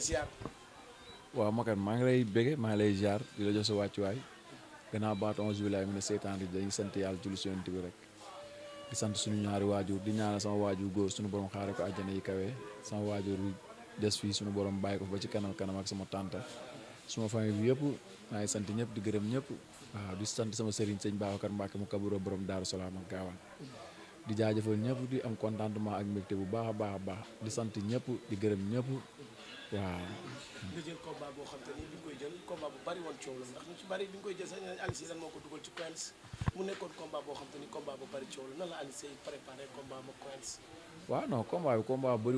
la ziar. waaw Makan maa ngi lay bége maa ngi lay ziar di la jox sa wàccuwaay gannaaw baatu onze bilaay mu ne seytaan di dañuy sant yàlla julli si yonent bi di sant suñu ñaari waajur di ñaanal sama waajur góor suñu borom xaare ko àjjana yi kawe sama waajur des fii suñu borom bàyyi ko ba ci kanam kanam ak sama tante suma famille bi yëpp maa ngi sant ñëpp di gërëm ñëpp waaw di sant sama sëriñ sëñ Babacar Mbacke mu kaburo borom Daaru Salaam ak Gaawaan di jaajëfal ñëpp di ak mbégte bu baax a baax a waaw. nga jël combat bi combat bu bari woon coow la ndax ko dugal ci Quench mu nekkoon combat boo xam te ni combat bu bari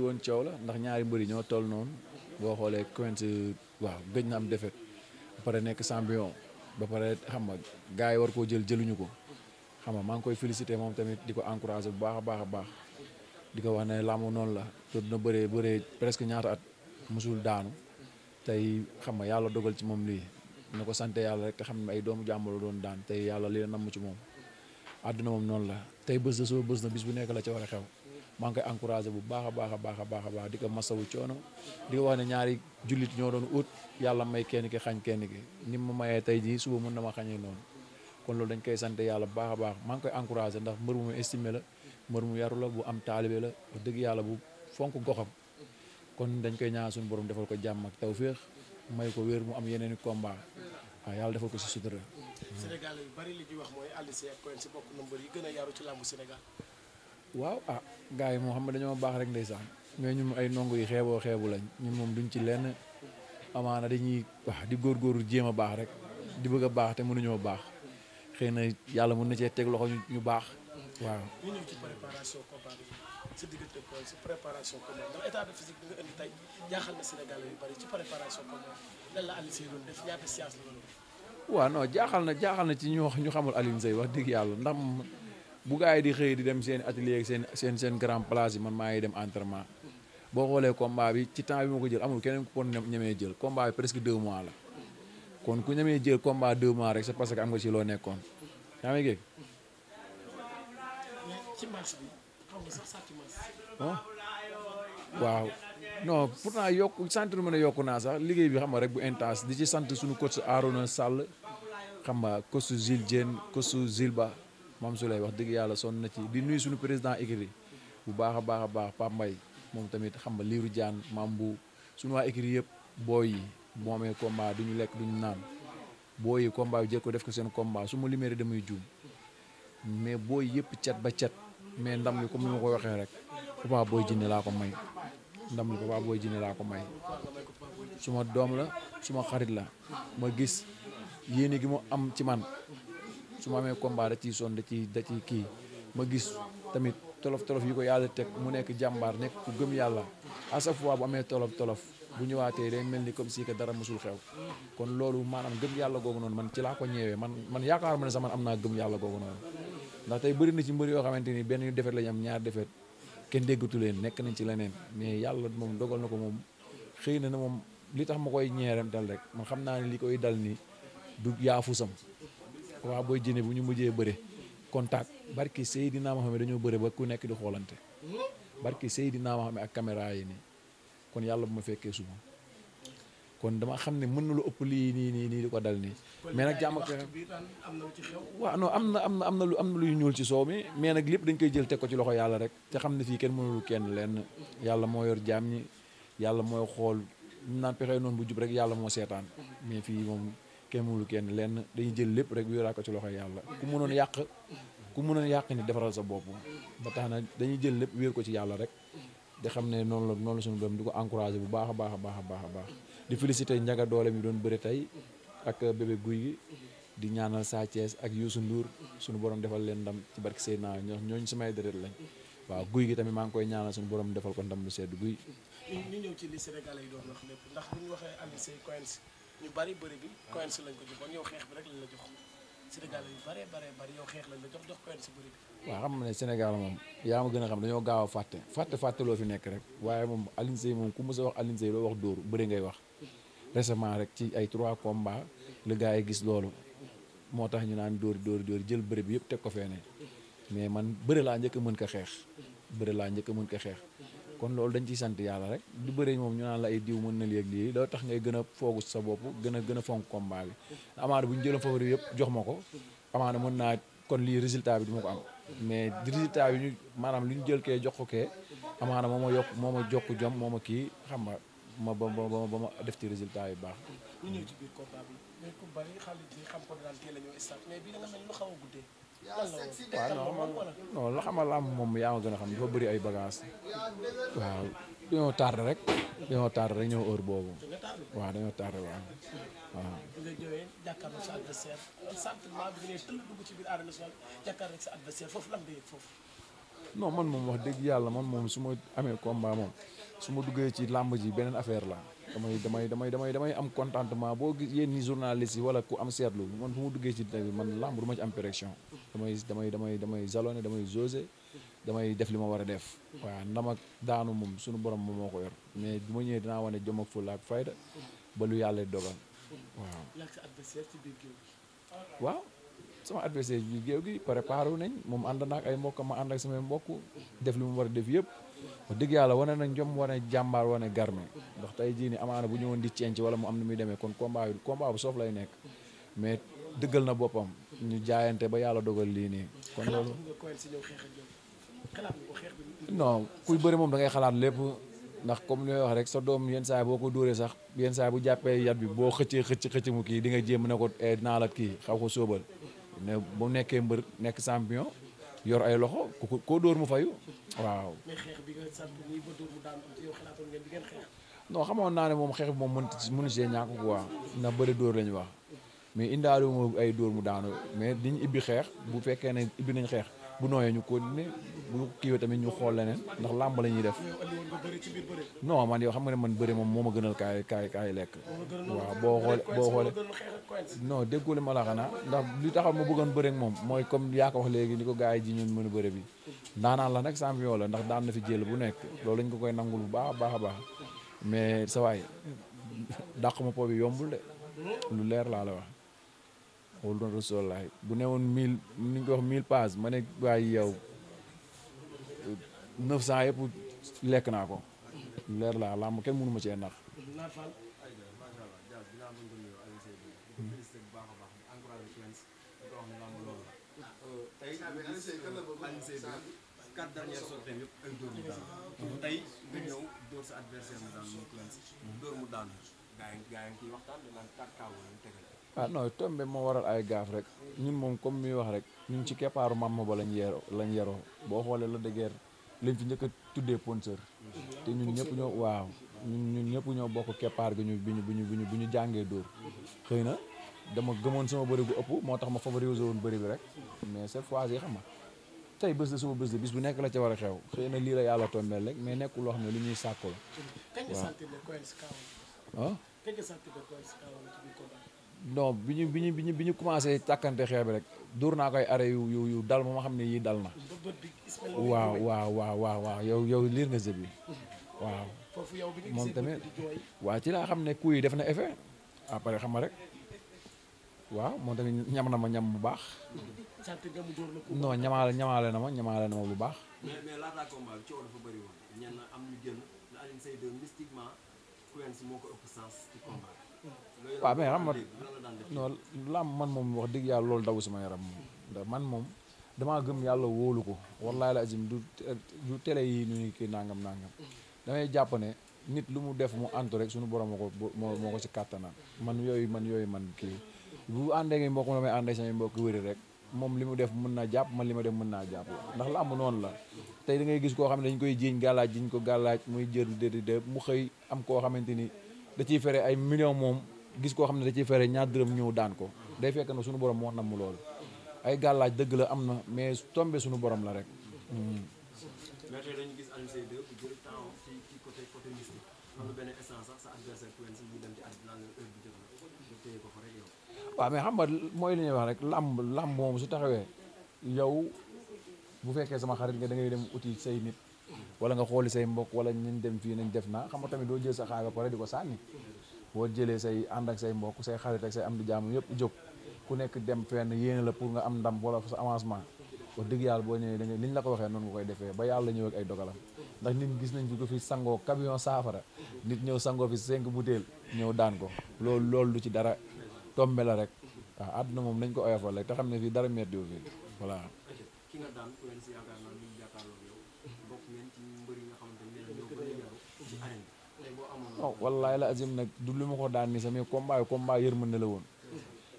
woon coow la ndax ñaari mbëri ñoo toll noonu boo xoolee Quench waaw gëj na am défaite ba pare nekk champion ba pare xam nga gars yi war koo jël jëluñu ko xam nga maa ngi koy félicité moom tamit di ko encouragé bu baax a baax a baax di ko wax ne làmb noonu la te dina bëree bëree presque ñaata at. mosul daanu tey xam nga yàlla dogal ci moom lii na ko sante yàlla rek xam ne ay doomu jàmbur la doon daan tey yàlla li la mu ci moom àdduna moom noonu la tey bés de suba bés na bis bu nekk la ca war a xew maa ngi koy encouragé bu baax a baax baax a baax a baax di ko masawu coono di ko ne ñaari jullit ñoo doon ut yàlla may kenn ki xañ kenn ki ni ma mayee tey jii suba mën na ma xañee noonu kon loolu dañ koy sant yàlla bu baax a baax maa ngi ndax mbër mu estimé la mbër mu yaru la bu am taalibe la dëgg yàlla bu fonk goxam kon dañ koy ñaanal suñu borom defal ko jàmm ak tawféex may ko wér mu am yeneen i combat waaw yàlla defal ko si sutura. Sénégal yu bari li ñuy wax mooy Aliou Seye ak Coen si a yaru waaw ah gars yi moo xam ne dañoo baax rek sax ndeysaan ñu ñun ay ndongo yi xeeboo xeebu lañ ñun moom duñ ci lenn amaana dañuy wax ah, di góorgóorlu jéem a baax rek di bëgg a baax te mënuñoo baax xëy na yàlla mën na cee teg loxo ñu baax waaw. sa diggante ko si préparation combat ndax état de physique bi nga indi tey jaaxal na jaaxal na jaaxal na ci ñu wax ñu xamul Alioune wax dëgg yàlla ndax bu gars yi di xëy di dem seen atelier ak seen seen seen grand place yi man maa ngi dem entraînement boo xoolee combat bi ci temps bi ma ko jël amul keneen ku ko ñemee jël combat bi presque deux mois la kon ku ñemee jël combat deux mois rek c'est parce que am nga si loo nekkoon yaa ngi dégg waaw non pourtant yokku sant nu ma ne yokku naa sax liggéey bi xam nga rek bu intense di ci sant suñu coach Arona Sall xam nga coach Gilles Diène coach Gilles Ba maam su lay wax dëgg yàlla sonn na ci di nuyu suñu président écurie bu baax a baax a baax Pape Mbaye moom tamit xam nga Lirou Diane maam bu suñu waa écurie yëpp booy yi boo combat du ñu lekk du ñu naan booy yi combat yu jël ko def ko seen combat su ma liméré damay juum mais booy yëpp cat ba cet mais ndam li comme ni ma ko waxee rek Papa booy Djiné laa ko may ndam li Papa Boy jinne laa ko may suma doom la suma xarit la ma gis yéene gi mu am ci man su ma amee combat da ciy sonn da ciy da ciy kii ma gis tamit tolof tolof yi ko yàlla teg mu nekk jàmbaar nekk ku gëm yàlla à chaque fois bu amee tolof tolof bu ñëwaatee day mel ni comme si que dara mosul xew kon loolu maanaam gëm yàlla googu noonu man ci laa ko ñëwee man man yaakaar ma ne sax man am naa gëm yàlla googu noonu ndax tey bëri na ci mbër yoo xamante ni benn defet la ñu am ñaar defet kenn déggatu leen nekk nañ ci leneen mais yàlla moom dogal na ko moom xëy na na moom li tax ma koy ñeeram rek man xam naa ne li koy dal ni du sam waa booy jëne bu ñu mujjee bëre contact barki Seydina Mohamed dañoo bëre ba ku nekk di xoolante hmm? barki Seydina Mohamed ak caméra yi nii kon yàlla bu ma fekkee suba kon dama xam ne mën na lu ëpp lii nii nii nii di ko dal nii. mais nag jàmm ak am na ci xew. am na am na am na lu am na luy ñuul ci soow mi mais nag lépp dañ koy jël teg ko ci loxo yàlla rek te xam ne fii kenn mënul kenn lenn yàlla moo yor jaam ñi yàlla mooy xool ñu naan noonu bu jub rek yàlla moo seetaan mais fii moom kenn mënul kenn lenn dañuy jël lépp rek wéeraa ko ci loxo yàlla ku mënoon yàq ku mënoon yàq ni defaral sa bopp ba tax na dañuy jël lépp wéer ko ci yàlla rek di xam ne noonu la noonu la suñu doom di ko encouragé bu baax a baax a baax a baax di féliciter Ndiaga doole bi doon bëri tey ak bébé guy gi di ñaanal Sa Thiès ak Youssou Ndour suñu boroom defal leen ndam ci barke Seydina ñooñu samay deret lañ waaw guy gi tamit maa ngi koy ñaanal suñu borom defal ko ndam lu sedd guy. ñu ñëw ci li Sénégalais yi doon wax lépp ndax bu ñu waxee Aliou Seye Coins ñu bari bëri bi Coins lañ ko joxoon yow xeex bi rek lañ la jox. Sénégal yu waaw xam nga ne Sénégal moom yaa ma gën a xam dañoo gaaw a fàtte fàtte fàtte loo fi nekk rek waaye moom Alioune moom ku mës a wax Alioune Seye loo wax dóor bëri ngay wax récemment rek ci ay trois combats le gars yi gis loolu moo tax ñu naan dóor dóor dóor jël bëri bi yëpp teg ko fee mais man bëri laa njëkk a mën ko xeex bëri laa njëkk a mën ko xeex kon loolu dañ ciy sant yàlla rek du bëri moom ñu naan la ay diw mën na léeg lii loolu tax ngay gën a foogus sa bopp gën a gën a fonk combat bi amaana bu ñu jëloon favori yëpp jox ma ko amaana mën naa kon lii résultat bi du ma ko am mais résultat bi ñu maanaam lu ñu jël kee jox ko kee amaana moo ma yokk moom a jokk jom moom a kii xam nga ma ba ba ba ma def ci résultat yu baax. ci biir combat bi mais xam a ñëw xaw a waaw non man non la xamal làmb moom yaa ma gën a xam dafa bëri ay bagage waaw dañoo tardé rek dañoo tardé rek ñëw heure boobu waaw dañoo tardé waaw waaw. non man moom wax dëgg yàlla man moom su ma amee combat moom su duggee ci làmb ji beneen affaire la. damay damay damay damay damay am contentement boo gis yéen ñi journaliste yi wala ku am seetlu man fu mu duggee ci dina bi man làmb du ma ci damay damay damay damay damay josé damay def li ma war a def waaw ndam ak daanu moom sunu borom moom moo ko yor mais bu ma ñëwee dinaa wane jom ak fulla ak fayda ba lu yàlla dogal waaw waaw sama adversaire bi géew gi préparé wu nañ moom ànd naak ay mbokka ma ànd ak samay mbokk def li mu war a def yëpp wax dëgg yàlla wane na njom wane jàmbaar wane garme ndax tey jii ni amaana bu ñëwoon di cenc wala mu am na muy demee kon combat yu combat bu soof lay nekk mais dëggal na boppam ñu jaayante ba yàlla dogal lii nii kon loolu non kuy bëri moom da ngay xalaat lépp ndax comme li may wax rek sa doom yenn saay boo ko dóoree sax yenn saay bu jàppee yat bi boo xëccee xëcc xëcc mu kii di nga jéem ne ko eh, dinaa la kii xaw ko sóobal ne bu nekkee mbër nekk champion yor ay loxo ku koo dóor mu fayu waaw. mais bi nga sant xamoon naa ne moom xeex bi moom mënut mënu see ñàkk waa ndax bari dóor lañu wax mais indaale ay dóor mu daanu mais diñ ibbi xeex bu fekkee ne ibbi nañ xeex. bu nooyee ñu continuer bu kiiwee tamit ñu xool leneen ndax làmb la ñuy def non man yow xam nga ne man bëri moom moo a gënal kaay kaay kaay lekk waaw boo xoolee boo xoolee non déggoo li ma la xanaa ndax lu taxaw ma bëggoon bëri ak moom mooy comme yaa ko wax léegi ni ko gaa yi ji ñun mën a bëri bi ndaanaan la nag champion la ndax daan na fi jël bu nekk loolu lañ ko koy nangul bu baax a baax a baax mais sa waay dàq ma yombul de lu leer laa la wax wala doon rasulaay bu ne woon mille ni ko wax mille pass ma ne waaye yow neuf lekk naa ko leer laa làmb kenn mënu ma cee nax quatre dernières sorties yëpp mu daan tey nga ñëw dóor sa adversaire mu daan mu la ñu ah non tombé moo waral ay gaaf rek ñun moom comme muy wax rek ñun ci keppaaru Mama Ba lañ yeroo lañ yeroo boo xoolee la dëgër lañ fi njëkk a tuddee sponsor te ñun ñëpp ñoo waaw ñëpp ñoo bokk keppaar ñu bi ñu bi ñu jàngee dóor xëy na dama gëmoon sama bëri bu ëpp moo tax ma favoriser woon bëri rek mais fois yi xam nga tey bés de suba bu nekk la ca war a xëy na lii la yàlla tombeel rek mais nekkul loo xam ne lu ñuy no bi ñu bi ñu bi ñu bi ñu commencé tàkkante xeer bi rek dóor naa koy arrêt yu yu yu dal ma ma xam ne yii dal na. waaw waaw waaw waaw waaw yow yow liir nga jeu bi waaw. moom tamit waaw ci laa xam ne coup yi def na effet après xam nga rek waaw moo tamit ñam na ma ñam bu baax. non ñamaale ñamaale na ma ñamaale na ma bu baax. mais mais am ñu waaw mais xam nga non làmb man moom wax dëgg yàlla loolu daw sama yaram moom man moom damaa gëm yàlla wóolu ko wallaay la azim du du télé yi nu ni kii nangam nangam damay jàpp ne nit lu mu def mu antu rek suñu borom moo ko moo ko si kàttanal man yooyu man yooyu man kii bu àndee ngi mbokk damay àndee samay mbokk wéri rek moom li mu def mën naa jàpp man li ma def mën naa jàpp ndax làmb noonu la tey da gis koo xam ne dañ koy jiiñ gàllaaj jiñ ko gàllaaj muy jër di mu xëy am koo xamante ni da ciy fere ay million moom gis koo xam ne da ciy fere ñaar dërëm ñëw daan ko day fekk na suñu borom moo nam mu loolu ay gàllaaj dëgg la am na mais tombé suñu borom la rek. Hmm. mais tey gis Alioune Seye 2 ku jël mais xam nga mooy li ñuy wax rek làmb làmb moom su taxawee yow bu fekkee sama xarit nga da ngay dem uti say nit. wala nga xooli say mbokk wala nañ dem fii nañ def naa xam tamit doo jël sa xaalis pare di ko sànni boo jëlee say ànd ak say mbokk say xarit ak say am di jàmm yëpp jóg ku nekk dem fenn yéene la pour nga am ndam wala sa avancement oo digg yàlla boo ñëwee da nga liñ la ko waxee noonu nga koy defee ba yàlla ñëw ak ay dogalam ndax nit gis nañ fi ko fi sangoo camion saafara nit ñëw sangoo fi cinq bouteille ñëw daan ko loolu loolu lu ci dara tombe la rek wa àdduna moom nañ ko oyofal rek xam ne fii dara méttiwu fii non oh, wallaay la azim nag du lu ma ko daan ni sax mais combat yi combat yërmande la woon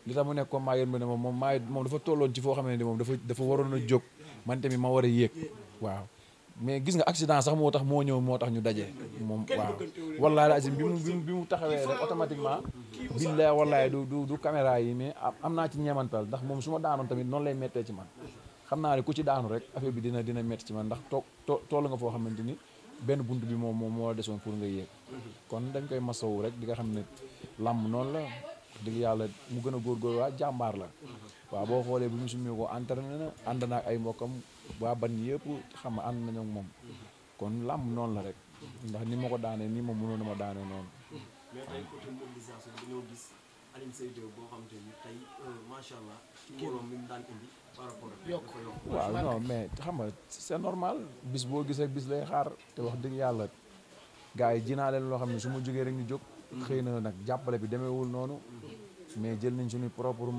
li tax mu nekk combat yërmande moom moom maay moom dafa tolloon ci foo xam ne moom dafa dafa waroon a jóg man tamit ma war a yéeg waaw mais gis nga accident sax moo tax moo ñëw moo tax ñu daje moom waaw wallaay la azim bi bi mu taxawee rek automatiquement billaay wallaay du du du caméra yi mais am naa ci ñeemantal ndax moom su ma daanoon tamit noonu lay méttee ci man xam naa ne ku ci daanu rek affaire bi dina dina métti ci man ndax toog toll nga foo xamante ni benn bunt bi moom moom moo desoon pour nga yéeg kon dañ koy masawu rek di nga xam ne làmb noonu la dëgg yàlla mu gën a góorgóor waa jàmbaar la waaw boo xoolee bi mu sumee ko entraîné na ànd naak ay mbokkam waa ban yëpp xam ànd nañu ak moom kon làmb noonu la rek ndax ni ma ko daanee nii moom mënoon na ma daanee noonu Alioune Seye Diop boo xamante euh, macha allah ci mbooloo mi waaw non mais xam nga c'est normal bis boo gisee bis lay xaar te wax dëgg yàlla gars yi jinaa leen loo xam ne su ma jógee rek ñu jóg mm-hmm. xëy na nag jàppale bi demeewul noonu mm-hmm. mais jël nañ suñu propre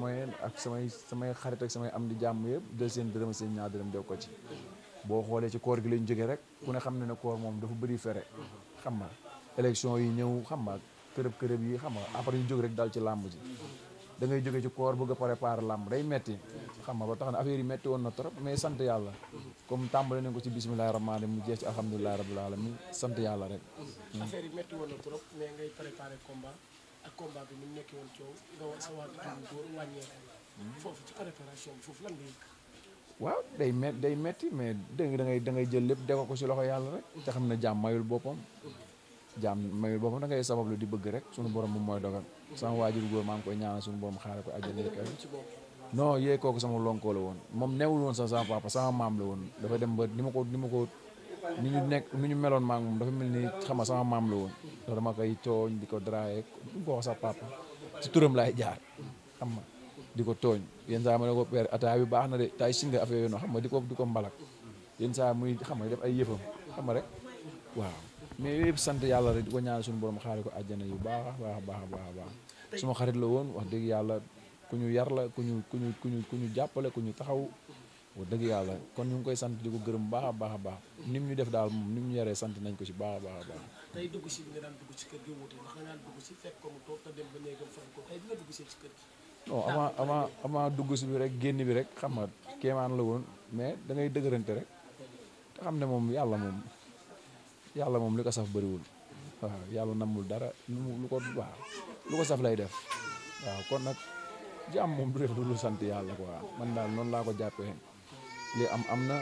ak samay samay xarit ak samay am di jàmm yëpp jël seen dërëm seen ñaar dërëm def ko ci mm-hmm. boo xoolee ci koor gi lañ jógee rek ku ne xam ne ne koor moom dafa bari fere xam nga élection yi ñëw xam nga kërëb kërëb yi xam nga après ñu jóg rek dal ci làmb ji da ngay jóge ci koor bëgg a préparer làmb day metti xam nga ba tax na affaire yi metti na trop mais sant yàlla comme tàmbale nañ ko ci bisimilahi rahmaani rahim mu jeex ci alhamdulilahi rabbil alamin sant yàlla rek affaire yi na trop mais ngay préparer combat ak combat bi ni mu nekkee woon coow nga war sa ci préparation foofu lan nga day met day metti mais dégg da ngay da ngay jël lépp def ko si loxo yàlla rek te xam ne jàmm mayul boppam jam may bo da ngay lu di bëgg kan. kan. iya, iya. iya, rek suñu borom mo moy dogal sa wajur goor maa ngi koy ñaanal suñu borom xaar ko ni kaw non yee koku sama lonko la won mom newul won sa sa papa sa mam la won dafa dem ba nima ko nima ko ni ñu nek ni ñu meloon maa ngi dafa melni xama xam nga sama la won ndax dama koy tooñ di ko ko sa papa ci turum lay jaar xam nga di ko tooñ saa ma ne ko père ata bi baax na de tay singa nga affaire yooyu xam nga di ko mbalak yeen saa muy xam nga def ay yefam xam rek waaw mais yëpp sant yàlla rek di ko ñaan suñu borom xaari ko àjjana yu baax a baax baax baax baax suma xarit la woon wax dëgg yàlla ku ñu yar la ku ñu ku ñu ku ñu ku ñu jàppale ku ñu taxaw wax dëgg yàlla kon ñu ngi koy sant di ko gërëm baax a baax a baax ni mu ñu def daal moom ni mu ñu yaree sant nañ ko si baax a baax a baax. tey dugg si bi si kër gi wuute si fekk ko mu dem ba néegam fay ko bi si kër gi. non avant dugg si rek génn bi rek xam nga kéemaan la woon mais dangay ngay rek te xam ne moom yàlla moom yalla mom liko ko saf bëriwul waaw yalla namul dara lu ko waaw lu ko saf lay def waaw kon nak jaam moom du def lu sante yalla quoi man dal non la ko jappé li am amna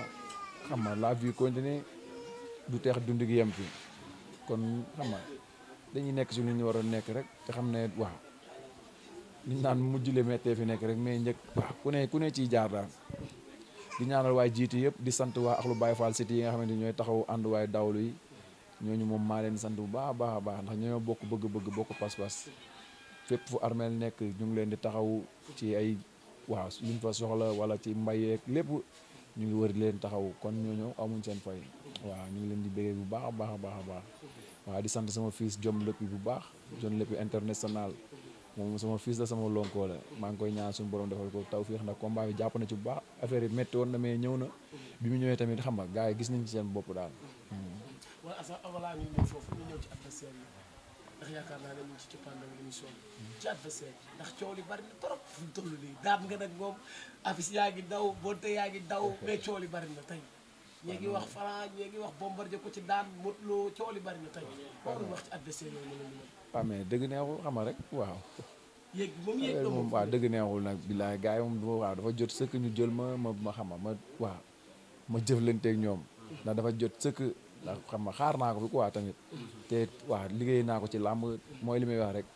na la vie continue du tex dund gi fi kon kama? dañuy nek si lu ñu wara nek rek te xamne ne waaw liñ naan mujj le fi nek rek mais ñek waaw ku ne ku ne ci jaar daal di ñaanal way jiitu di sante wa Akhlu Baye Fall City yi nga xamanteni ñoy taxaw and way dawlu yi ñooñu moom maa leen sant bu baax a baax a baax ndax ñoo bokk bëgg-bëgg bokk pas-pas fépp fu armeel nekk ñu ngi leen di taxaw ci ay waaw luñ fa soxla wala ci mbayeek lépp ñu ngi wër leen taxaw kon ñooñu amuñ seen fay waaw ñu ngi leen di béggee bu baax baax a baax baax waa di sant sama fils Jom Léppi bu baax Jom Léppi international moom sama fils la sama lonkoo la maa ngi koy ñaan suñu borom defal ko tawfeex ndax combat bi jàpp na ci bu baax affaire yi métti woon na ñëw na bi mu ñëwee tamit xam nga gars yi gis nañ ci seen bopp daal sax avalaan yi ñëw foofu ñu ñëw ci adversaire ndax yaakaar naa ne ñu ngi ci cappaandaw émission hmm. trop fu mu nii daam nga nag moom afis yaa ngi daw bonte yaa ngi daw mais coow li bari na ngi wax Franc ñi ngi wax Bombardier ko ci daan Modou Lo coow li bari na tey loolu wax ci adversaire noonu mais dëgg neexul xam rek moom yéeg eh, dëgg neexul nag bilaay gars yi moom du ma jot sëkk ñu jël ma ma ma xama ma waaw ma jëflanteeg ñoom hmm. ndax dafa jot sëkk ndax xam nga xaar naa ko fi waa tamit te liggéey naa ko ci làmb mooy li may wax rek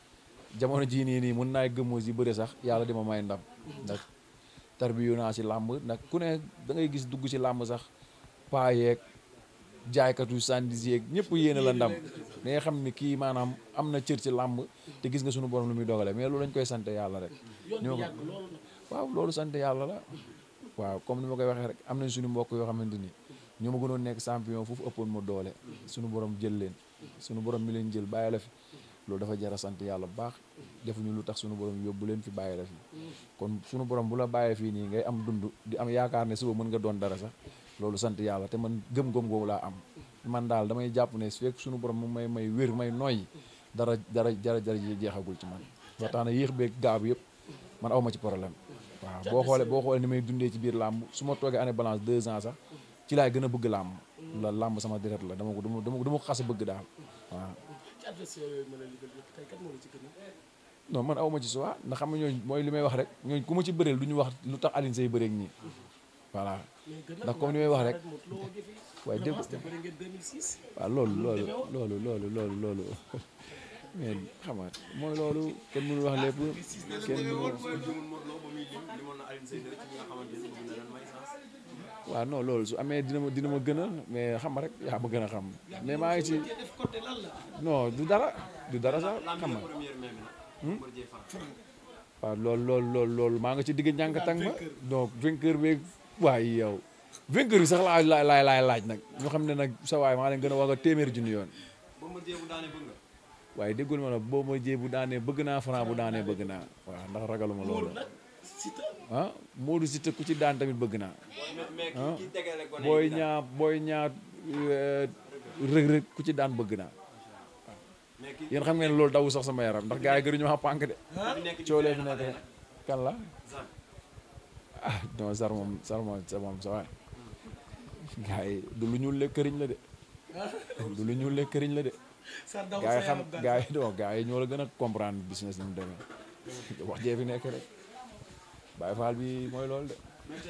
jamono jii nii nii mën naay gëmmoos yi bëri sax yàlla di ma may ndam ndax tarbiyu naa ci làmb ndax ku ne da ngay gis dugg ci làmb sax paa yeeg jaaykatu sandis yeeg ñëpp yéene la ndam da nga xam ni kii maanaam am na cër si làmb te gis nga sunu borom lu muy dogale mais loolu lañ koy sant yàlla rek ñoo waaw loolu sant yàlla la waaw comme ni ma koy waxee rek am na suñu mbokk yoo xamante ni ñoo ma gënoon nekk champion foofu ëppoon ma doole suñu borom jël leen suñu borom mi leen jël bàyyi la fi loolu dafa jara sant yàlla bu baax defuñu lu tax sunu borom yóbbu leen fi bàyyi la kon suñu borom bu la bàyyee fii nii ngay am dund di am yaakaar ne si suba mën nga doon dara sax loolu sant yàlla te man gëm-gëm googu laa am man daal damay jàpp ne su fekk sunu borom mu may may wér may noyyi dara dara dara dara jeexagul ci man ba tax na yéex beeg gaabu yëpp man awma ci problème waaw boo xoolee boo xoolee ni may dundee ci biir làmb su ma toogee année balance deux ans sax ci laay gën a bëgg làmb la làmb sama deret la dama ko dama ko dama ko xas bëgg daal waaw. ci adversaire yooyu ma ci gën a. man awma ci soit ndax xam nga ñooñu mooy li may wax rek ñooñu ku ma ci bëreel lu ñu wax lu tax Alioune Seye bëreeg ñi voilà ndax comme li may wax rek waaye dégg waaw loolu loolu loolu loolu loolu loolu mais xam mooy loolu kenn mënul wax lépp kenn waaw non loolu su amee dina ma dina ma gën a mais xam nga rek yaa ma gën a xam mais maa ngi ci du dara du dara xam nga hmm? waaw loolu loolu loolu maa nga ci digg njàng tàng ma donc vainqueur beeg waay yow vainqueur bi sax laa la laay laay laaj nag ñu xam ne nag sa waaye maa leen gën a wax a téeméer yoon waaye déggul ma ne boo ma jee bu daanee bëgg naa Franc bu daanee bëgg naa waaw ndax ragaluma loolu ah Modou Cité ku ci daan tamit bëgg naa. ah booy ñaa booy ñaa rëg rëg ku ci daan bëgg naa. yéen xam ngeen loolu daw sax sama yaram ndax gars yi gënuñu ma pànk de. coolee fi nekk kan la ah non sar moom sar moom sa moom sa waay. gars yi du ñuul lekk këriñ la de. du lu ñuul lekk këriñ la de. sar daw sa yaram xam gars yi non gars yi ñoo la gën a comprendre business ni demee wax jee fi bay Fall bi moy lol de. mais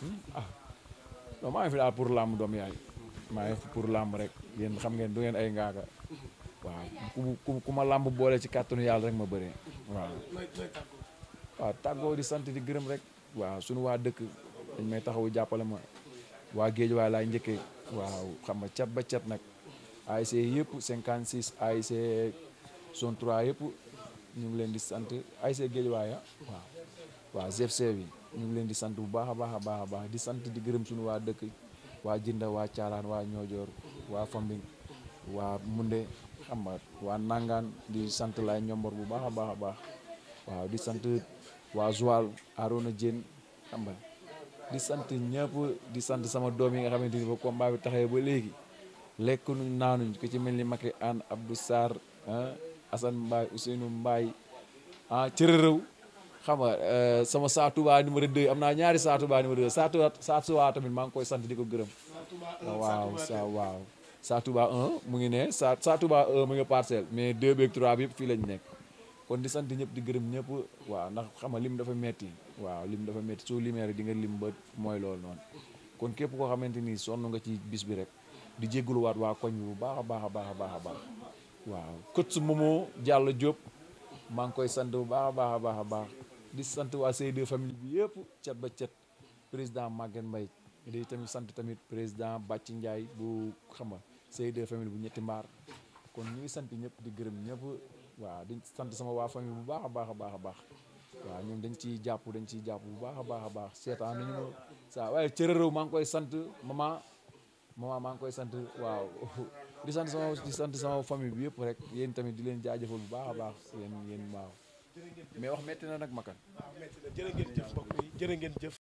hmm? ah. tey non maa fi daal pour làmb dom yaay. ma fi pour làmb rek yéen xam ngeen du ngeen ay ngaga waaw ku ku ma làmb boole ci carton yàlla rek ma bëree. waaw wa tago di sante di gërem rek. wa sunu wa dëkk dañ may taxawu jàppale ma. wa géej wa lay ñëkke waaw xam ma cat ba cat nag. ASC yépp 56 ASC son 3 yépp ñu ngi leen di sant ASC Guédiawaye waaw waaw GFC bi ñu ngi leen di sant bu baax a baax a baax a baax di sant di gërëm suñu waa dëkk waa Jinda waa Caalaan waa Ñoojoor waa Fambing waa Munde xam waa Nangaan di sant laay ñombor bu baax a baax a baax waaw di sant waa Joal Arona Dieng xam nga di sant ñëpp di sant sama doom yi nga xamante ni ba combat bi taxee ba léegi lekk nuñ naanuñ ku ci mel ni Macky Anne Abdou Sarr ah, Assane Mbaye Ousseynou Mbaye ah cërërëw xam nga euh, sama baa Touba numéro 2 am naa ñaari Saa baa numéro 2 Saa Touba Saa Touba maa ngi koy sant di gërëm. Ah, waaw sa waaw Saa mu ngi ne Saa Saa Touba 1 mu ngi parcelle mais 2 beeg 3 bi yëpp fii lañ nekk kon di sant ñëpp di gërëm ñëpp waaw ndax xam nga lim dafa metti waaw lim dafa metti soo limeere di nga lim ba mooy loolu noonu kon képp koo xamante ni sonn nga ci bis bi rek di jégaluwaat waa koñ bi bu baax a baax a baax a baax a baax. waaw coach Momo Diallo Diop maa ngi koy sant bu baax a baax a baax a baax di sant waa Seydou famille bi yëpp cet ba cet président Maguette Mbaye di tamit sant tamit président Bàcci njaay bu xam nga Seydou famille bu ñetti mbaar kon ñu ngi sant ñëpp di gërëm ñëpp waaw di sant sama waa famille bu baax a baax a baax a baax waaw ñoom dañ ciy jàpp dañ ciy jàpp bu baax a baax a baax seetaan nañu ma saa waaye cërërëw maa ngi koy sant maman maman maa ngi koy sant waaw di sant sama di sant sama famille bi yëpp rek yéen tamit di leen jaajëfal bu baax a baax yéen yéen waaw mais wax metti na nag makan jërë ngeen jëf mbokk yi jërë ngeen jëf